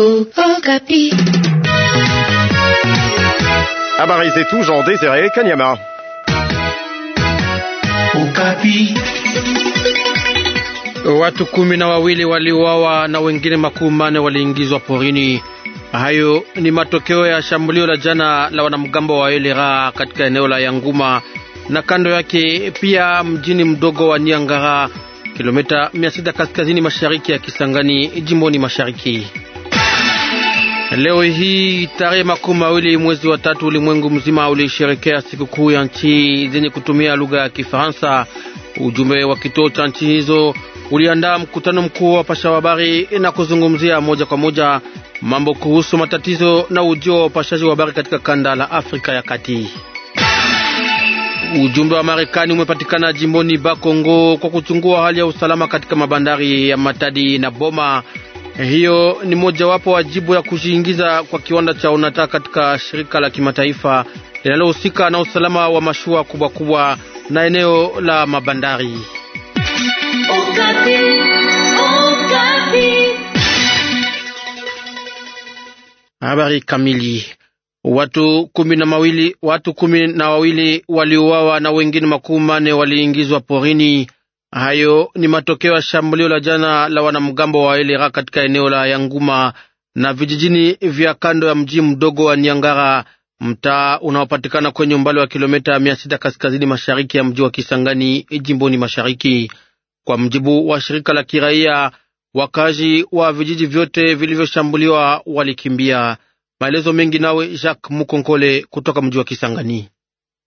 Okapi. Habari zetu Jean Désiré Kanyama. Okapi. Watu kumi na wawili waliuawa na wengine makumi mane waliingizwa porini. Hayo ni matokeo ya shambulio la jana la wanamgambo wa Elera katika eneo la Yanguma na kando yake pia mjini mdogo wa Niangara kilomita 600 kaskazini mashariki ya Kisangani jimboni mashariki. Leo hii tarehe makumi mawili mwezi wa tatu, ulimwengu mzima ulisherekea sikukuu ya nchi zenye kutumia lugha ya Kifaransa. Ujumbe wa kituo cha nchi hizo uliandaa mkutano mkuu wa pasha habari na kuzungumzia moja kwa moja mambo kuhusu matatizo na ujio wa upashaji wa habari katika kanda la Afrika ya Kati. Ujumbe wa Marekani umepatikana jimboni Bakongo kwa kuchungua hali ya usalama katika mabandari ya Matadi na Boma Eh, hiyo ni mojawapo wa jibu ya kujiingiza kwa kiwanda cha Onatra katika shirika la kimataifa linalohusika na usalama wa mashua kubwa kubwa na eneo la mabandari. Okapi, Okapi. Habari kamili. Watu kumi na mawili, watu kumi na wawili waliuawa na wengine makumi manne waliingizwa porini Hayo ni matokeo ya shambulio la jana la wanamgambo wa Elera katika eneo la Yanguma na vijijini vya kando ya mji mdogo wa Nyangara, mtaa unaopatikana kwenye umbali wa kilomita mia sita kaskazini mashariki ya mji wa Kisangani, jimboni Mashariki. Kwa mjibu wa shirika la kiraia, wakazi wa vijiji vyote vilivyoshambuliwa walikimbia. Maelezo mengi nawe Jacques Mukonkole kutoka mji wa Kisangani.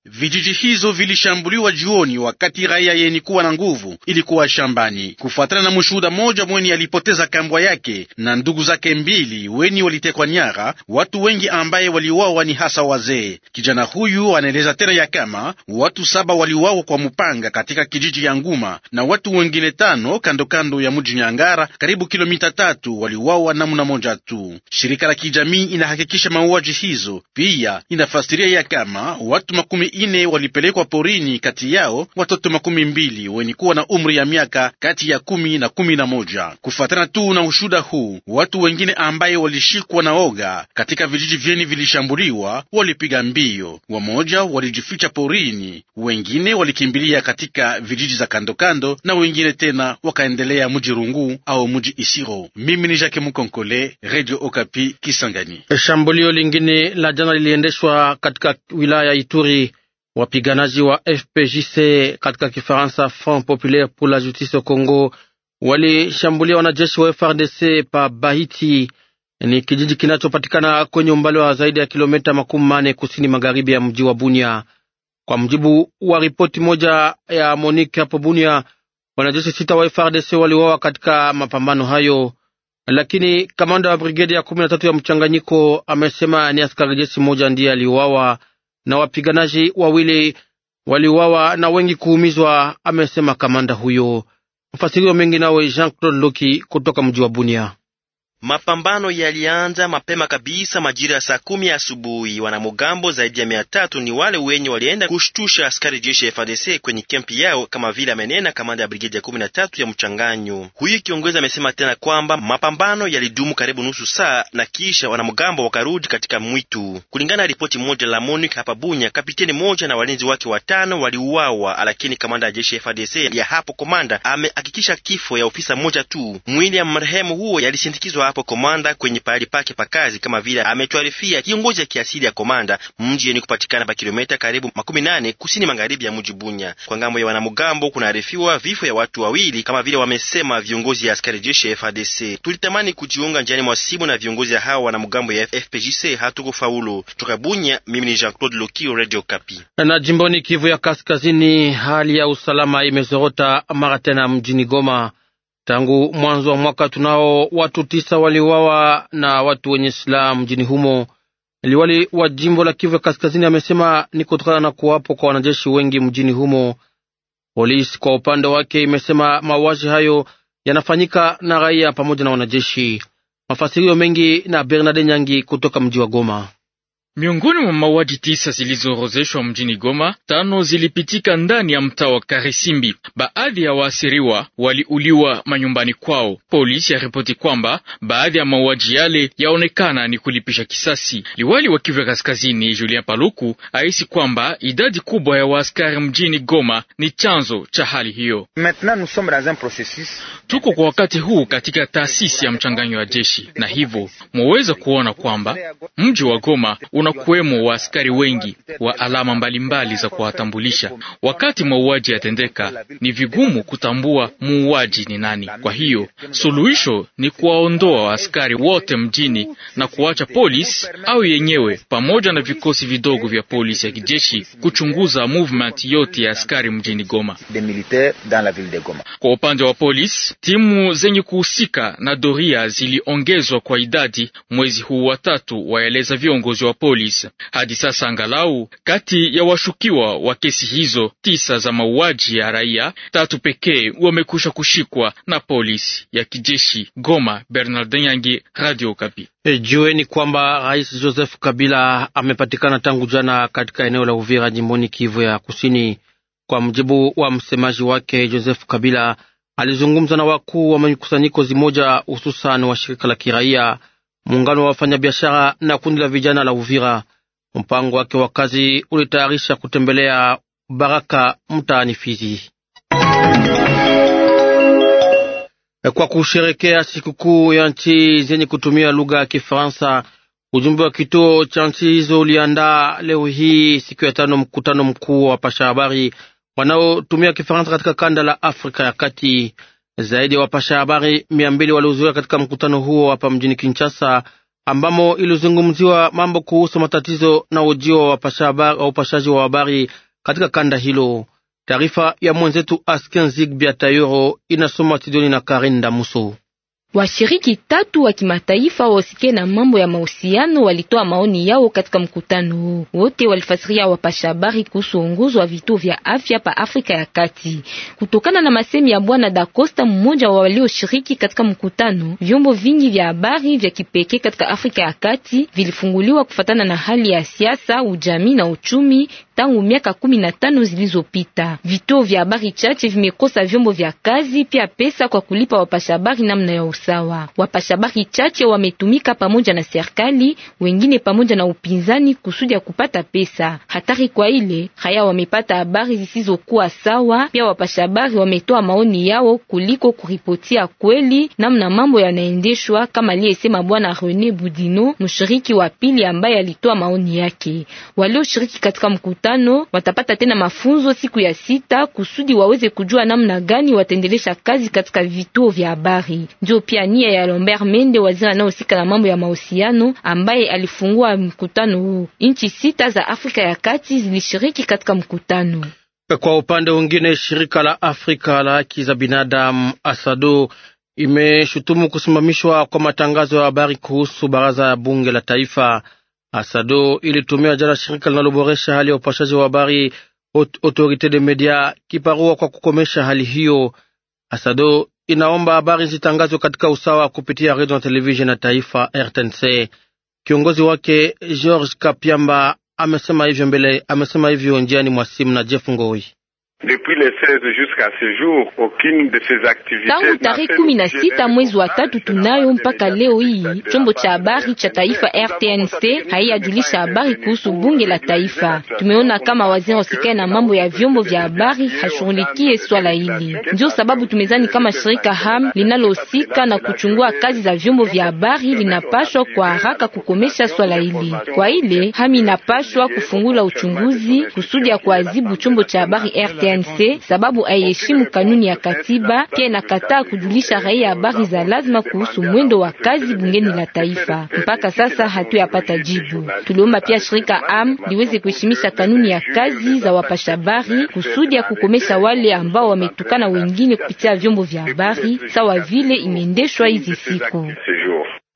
Vijiji hizo vilishambuliwa jioni, wakati raia yeni kuwa na nguvu ilikuwa shambani. Kufuatana na mshuhuda mmoja mweni alipoteza kambwa yake na ndugu zake mbili weni walitekwa nyara. Watu wengi ambaye waliuawa ni hasa wazee. Kijana huyu anaeleza tena ya kama watu saba waliuawa kwa mupanga katika kijiji ya Nguma na watu wengine tano kando kando ya mji Nyangara, karibu kilomita tatu, waliuawa namna moja tu. Shirika la kijamii inahakikisha mauaji hizo, pia inafasiria ya kama watu makumi ine walipelekwa porini, kati yao watoto makumi mbili wenye kuwa na umri ya miaka kati ya kumi na kumi na moja. Kufuatana tu na ushuda huu, watu wengine ambaye walishikwa na oga katika vijiji vyeni vilishambuliwa walipiga mbio, wamoja walijificha porini, wengine walikimbilia katika vijiji za kandokando, na wengine tena wakaendelea muji Rungu au muji Isiro. Mimi ni Jacques Mukonkole, Radio Okapi, Kisangani. Shambulio lingine la jana liliendeshwa katika wilaya ya Ituri. Wapiganaji wa FPJC katika Kifaransa, Front Populaire pour la Justice au Congo, walishambulia wanajeshi wa FRDC pa Bahiti, ni kijiji kinachopatikana kwenye umbali wa zaidi ya kilomita makumi mane kusini magharibi ya mji wa Bunia. Kwa mujibu wa ripoti moja ya Monique hapo Bunia, wanajeshi sita wa FRDC waliuawa katika mapambano hayo, lakini kamanda wa brigedi ya kumi na tatu ya mchanganyiko amesema ni askari jeshi moja ndiye aliuawa na wapiganaji wawili waliuawa na wengi kuumizwa, amesema kamanda huyo. Mfasirio mengi nawe Jean Claude Loki kutoka mji wa Bunia. Mapambano yalianza mapema kabisa majira ya saa kumi asubuhi. wanamugambo zaidi ya mia tatu ni wale wenye walienda kushtusha askari jeshi ya FARDC kwenye kempi yao, kama vile amenena kamanda ya brigedi ya kumi na tatu ya mchanganyo. Huyu kiongozi amesema tena kwamba mapambano yalidumu karibu nusu saa na kisha wanamugambo wakarudi katika mwitu. Kulingana na ripoti moja la MONUC hapa Bunya, kapiteni moja na walinzi wake watano waliuawa, lakini kamanda ya jeshi ya FARDC ya hapo komanda amehakikisha kifo ya ofisa mmoja tu. Mwili ya marehemu huo yalisindikizwa ambapo komanda kwenye pahali pake pa kazi, kama vile ametuarifia kiongozi ya kiasili ya komanda mji yenye kupatikana pa kilomita karibu makumi nane kusini magharibi ya mji Bunya. Kwa ngambo ya wanamgambo kunaarifiwa vifo ya watu wawili, kama vile wamesema viongozi ya askari jeshi ya FARDC. Tulitamani kujiunga njiani mwa simu na viongozi ya hawa wanamgambo ya FPJC, hatukufaulu. Toka Bunya, mimi ni Jean-Claude loki Radio Kapi. Na jimboni Kivu ya Kaskazini, hali ya usalama imezorota mara tena mjini Goma. Tangu mwanzo wa mwaka tunao watu tisa waliuawa na watu wenye silaha mjini humo. Liwali wa jimbo la Kivu ya Kaskazini amesema ni kutokana na kuwapo kwa wanajeshi wengi mjini humo. Polisi kwa upande wake imesema mauaji hayo yanafanyika na raia pamoja na wanajeshi. Mafasirio mengi na Bernard Nyangi kutoka mji wa Goma. Miongoni mwa mauaji tisa zilizoorozeshwa mjini Goma, tano zilipitika ndani ya mtaa wa Karisimbi. Baadhi ya waasiriwa waliuliwa manyumbani kwao. Polisi yaripoti kwamba baadhi ya mauaji yale yaonekana ni kulipisha kisasi. Liwali wa Kivu ya Kaskazini Julien Paluku ahisi kwamba idadi kubwa ya waaskari mjini Goma ni chanzo cha hali hiyo. Tuko kwa wakati huu katika taasisi ya mchanganyo wa jeshi, na hivyo mwaweza kuona kwamba mji wa Goma wa waaskari wengi wa alama mbalimbali mbali za kuwatambulisha. Wakati mauaji yatendeka, ni vigumu kutambua muuaji ni nani. Kwa hiyo suluhisho ni kuwaondoa askari wote mjini na kuacha polisi au yenyewe pamoja na vikosi vidogo vya polisi ya kijeshi kuchunguza movement yote ya askari mjini Goma. Kwa upande wa polisi, timu zenye kuhusika na doria ziliongezwa kwa idadi mwezi huu wa tatu, waeleza viongozi wa polisi polisi. Hadi sasa angalau kati ya washukiwa wa kesi hizo tisa za mauaji ya raia, tatu pekee wamekusha kushikwa na polisi ya kijeshi. Goma, Bernard Nyangi, Radio Kapi. E, jueni kwamba Rais Joseph Kabila amepatikana tangu jana katika eneo la Uvira jimboni Kivu ya Kusini. Kwa mjibu wa msemaji wake, Joseph Kabila alizungumza na wakuu wa mkusanyiko zimoja hususan wa shirika la kiraia muungano wa wafanyabiashara na kundi la vijana la Uvira. Mpango wake wa kazi ulitayarisha kutembelea Baraka mtaani Fizi kwa kusherekea sikukuu ya nchi zenye kutumia lugha ya Kifaransa. Ujumbe wa kituo cha nchi hizo uliandaa leo hii siku ya tano mkutano mkuu wa pasha habari wanaotumia Kifaransa katika kanda la Afrika ya Kati. Zaidi ya wapasha habari mia mbili walihudhuria katika mkutano huo hapa mjini Kinshasa, ambamo ilizungumziwa mambo kuhusu matatizo na ujio wa upashaji wa habari katika kanda hilo. Taarifa ya mwenzetu Asken Zig Biatayoro inasoma Tidoni na Karinda Musu. Washiriki tatu wa kimataifa wasike na mambo ya mahusiano walitoa maoni yao katika mkutano huu. Wote walifasiria wapasha habari kuhusu uongozi wa vituo vya afya pa Afrika ya Kati. Kutokana na masemi ya Bwana Da Costa, mmoja wa walioshiriki katika mkutano, vyombo vingi vya habari vya kipekee katika Afrika ya Kati vilifunguliwa kufatana na hali ya siasa, ujamii na uchumi tangu miaka kumi na tano zilizopita. Vituo vya habari chache vimekosa vyombo vya kazi pia pesa kwa kulipa wapashabari namna ya usawa. Wapashabari chache wametumika pamoja na serikali, wengine pamoja na upinzani kusudi ya kupata pesa. Hatari kwa ile haya wamepata habari zisizokuwa sawa. Pia wapashabari wametoa maoni yao kuliko kuripotia kweli namna mambo yanaendeshwa, kama aliyesema Bwana Rene Budino, mshiriki wa pili ambaye alitoa maoni yake. Walioshiriki katika mkutu tano watapata tena mafunzo siku ya sita kusudi waweze kujua namna gani watendelesha kazi katika vituo vya habari. Ndio pia nia ya Lambert Mende, waziri anaohusika na mambo ya mahusiano, ambaye alifungua mkutano huu. Nchi sita za Afrika ya Kati zilishiriki katika mkutano. Kwa upande mwingine, shirika la Afrika la haki za binadamu ASADO imeshutumu kusimamishwa kwa matangazo ya habari kuhusu baraza ya bunge la taifa. ASADO ilitumia jana shirika linaloboresha hali ya upashaji wa habari Autorite de Media kiparua kwa kukomesha hali hiyo. ASADO inaomba habari zitangazwe katika usawa kupitia redio na televisheni ya taifa RTNC. Kiongozi wake George Kapiamba amesema hivyo mbele, amesema hivyo njiani mwa simu na Jeff Ngoi. Depuis le 16 jusqu'à ce jour, aucune de ces activités. Tangu tarehe kumi na sita mwezi wa tatu tunayo mpaka leo hii, chombo cha habari cha taifa RTNC haiyajulisha habari kuhusu bunge la taifa. Tumeona kama waziri wasikae na mambo ya vyombo vya habari hashughulikie swala hili, ndio sababu tumezani kama shirika HAM linalohusika na kuchungua kazi za vyombo vya habari linapashwa kwa haraka kukomesha swala hili. Kwa ile HAM inapashwa kufungula uchunguzi kusudi ya kuadhibu chombo cha habari RTNC. ANC sababu haiheshimu kanuni ya katiba, pia inakataa kujulisha raia habari za lazima kuhusu mwendo wa kazi bungeni la taifa. Mpaka sasa hatuyapata jibu. Tuliomba pia shirika AM liweze kuheshimisha kanuni ya kazi za wapashabari kusudi ya kukomesha wale ambao wametukana wengine kupitia vyombo vya habari sawa vile imeendeshwa hizi siku.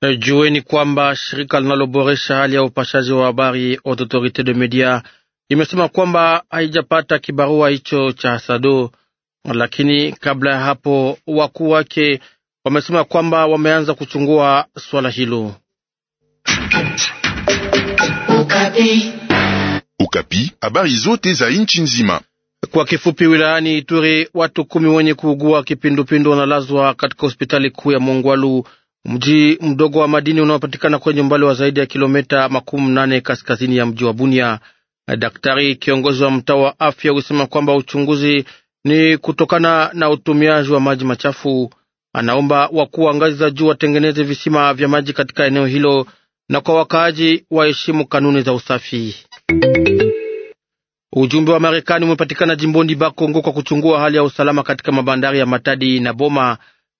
Eh, jueni kwamba shirika linaloboresha hali ya upashaji wa habari Autorite de Media imesema kwamba haijapata kibarua hicho cha Sado, lakini kabla ya hapo wakuu wake wamesema kwamba wameanza kuchungua swala hilo. Ukapi, Ukapi, habari zote za nchi nzima kwa kifupi. Wilayani Ituri, watu kumi wenye kuugua kipindupindu wanalazwa katika hospitali kuu ya Mongwalu, mji mdogo wa madini unaopatikana kwenye umbali wa zaidi ya kilomita makumi nane kaskazini ya mji wa Bunia. Daktari kiongozi wa mtaa wa afya husema kwamba uchunguzi ni kutokana na utumiaji wa maji machafu. Anaomba wakuu wa ngazi za juu watengeneze visima vya maji katika eneo hilo na kwa wakaaji waheshimu kanuni za usafi. Ujumbe wa Marekani umepatikana jimboni Bakongo kwa kuchungua hali ya usalama katika mabandari ya Matadi na Boma.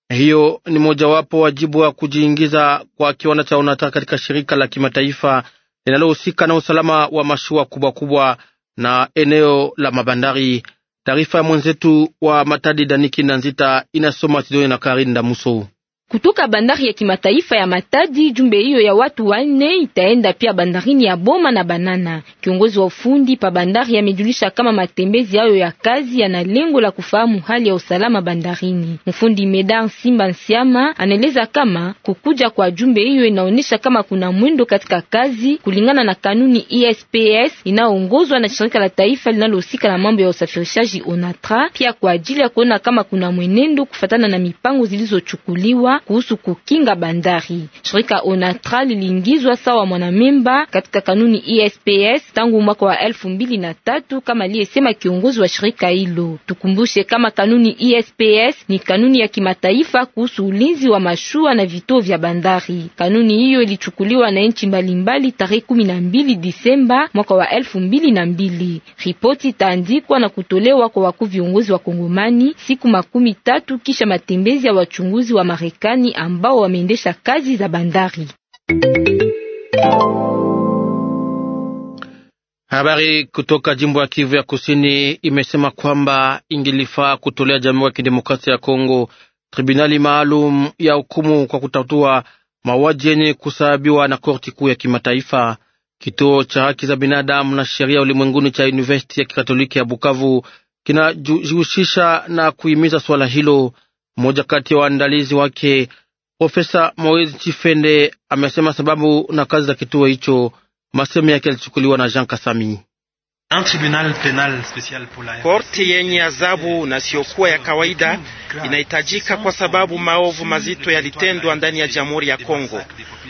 Hiyo ni mojawapo wajibu wa kujiingiza kwa kiwanda cha Onatra katika shirika la kimataifa linalohusika na usalama wa mashua kubwa kubwa na eneo la mabandari. Taarifa ya mwenzetu wa Matadi Daniki na Nzita inasoma Sidoni na Karinda Muso kutoka bandari ya kimataifa ya Matadi. Jumbe hiyo ya watu wanne itaenda pia bandarini ya Boma na Banana. Kiongozi wa ufundi pa bandari amejulisha kama matembezi hayo ya kazi yana lengo la kufahamu hali ya usalama bandarini. Mfundi Medan Simba Nsiama anaeleza kama kukuja kwa jumbe hiyo inaonyesha kama kuna mwendo katika kazi kulingana na kanuni ISPS e inayoongozwa na shirika la taifa linalohusika na mambo ya usafirishaji ONATRA, pia kwa ajili ya kuona kama kuna mwenendo kufatana na mipango zilizochukuliwa kuhusu kukinga bandari. Shirika ONATRA liliingizwa sawa mwanamemba katika kanuni ISPS e tangu mwaka wa elfu mbili na tatu kama aliyesema kiongozi wa shirika hilo. Tukumbushe kama kanuni ISPS e ni kanuni ya kimataifa kuhusu ulinzi wa mashua na vituo vya bandari. Kanuni hiyo ilichukuliwa na nchi mbalimbali tarehe 12 Disemba mwaka wa elfu mbili na mbili. Ripoti itaandikwa na kutolewa kwa wakuu viongozi wa Kongomani siku makumi tatu kisha matembezi ya wachunguzi wa Marekani Marekani ambao wameendesha kazi za bandari. Habari kutoka jimbo ya Kivu ya Kusini imesema kwamba ingilifaa kutolea Jamhuri ya Kidemokrasia ya Kongo tribunali maalum ya hukumu kwa kutatua mauaji yenye kusababiwa na korti kuu ya kimataifa. Kituo cha haki za binadamu na sheria ulimwenguni cha Universiti ya Kikatoliki ya Bukavu kinajihusisha na kuhimiza swala hilo. Mmoja kati ya waandalizi wake Profesa Moise Chifende amesema sababu na kazi za kituo hicho. Masemo yake yalichukuliwa na Jean Kasami. Korti yenye adhabu na siyokuwa ya kawaida inahitajika kwa sababu maovu mazito yalitendwa ndani ya Jamhuri ya Kongo.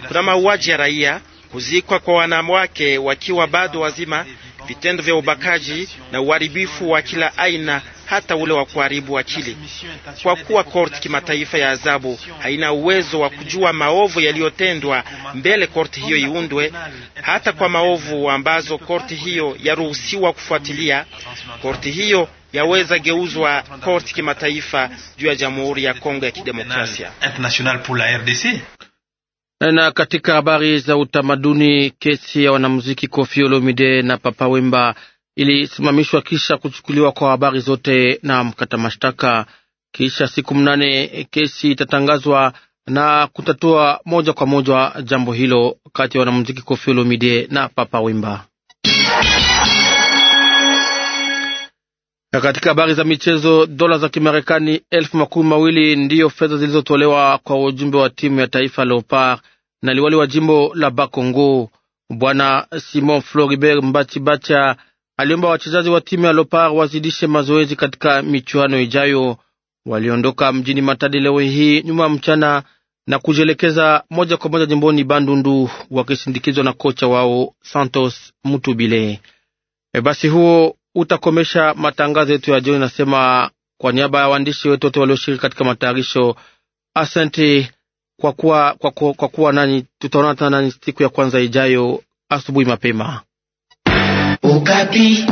Kuna mauaji ya raia, kuzikwa kwa wanawake wakiwa bado wazima vitendo vya ubakaji na uharibifu wa kila aina, hata ule wa kuharibu akili. Kwa kuwa korti kimataifa ya adhabu haina uwezo wa kujua maovu yaliyotendwa mbele korti hiyo iundwe, hata kwa maovu ambazo korti hiyo yaruhusiwa kufuatilia, korti hiyo yaweza geuzwa korti kimataifa juu ya Jamhuri ya Kongo ya Kidemokrasia. Na katika habari za utamaduni, kesi ya wanamuziki Koffi Olomide na Papa Wemba ilisimamishwa kisha kuchukuliwa kwa habari zote na mkata mashtaka. Kisha siku mnane kesi itatangazwa na kutatua moja kwa moja jambo hilo kati ya wanamuziki Koffi Olomide na Papa Wemba. Katika habari za michezo, dola za Kimarekani elfu makumi mawili ndiyo fedha zilizotolewa kwa ujumbe wa timu ya taifa Leopard na liwali wa jimbo la Bakongo Bwana Simon Floribert Mbachibacha aliomba wachezaji wa timu ya Leopard wazidishe mazoezi katika michuano ijayo. Waliondoka mjini Matadi leo hii nyuma ya mchana na kujielekeza moja kwa moja jimboni Bandundu wakisindikizwa na kocha wao Santos Mutubile. E, basi huo utakomesha matangazo yetu ya jioni. Nasema kwa niaba ya waandishi wetu wote walioshiriki katika matayarisho, asante kwa kuwa, kwa, kwa, kwa kuwa nani. Tutaonana tena nani siku ya kwanza ijayo asubuhi mapema. Ukapi.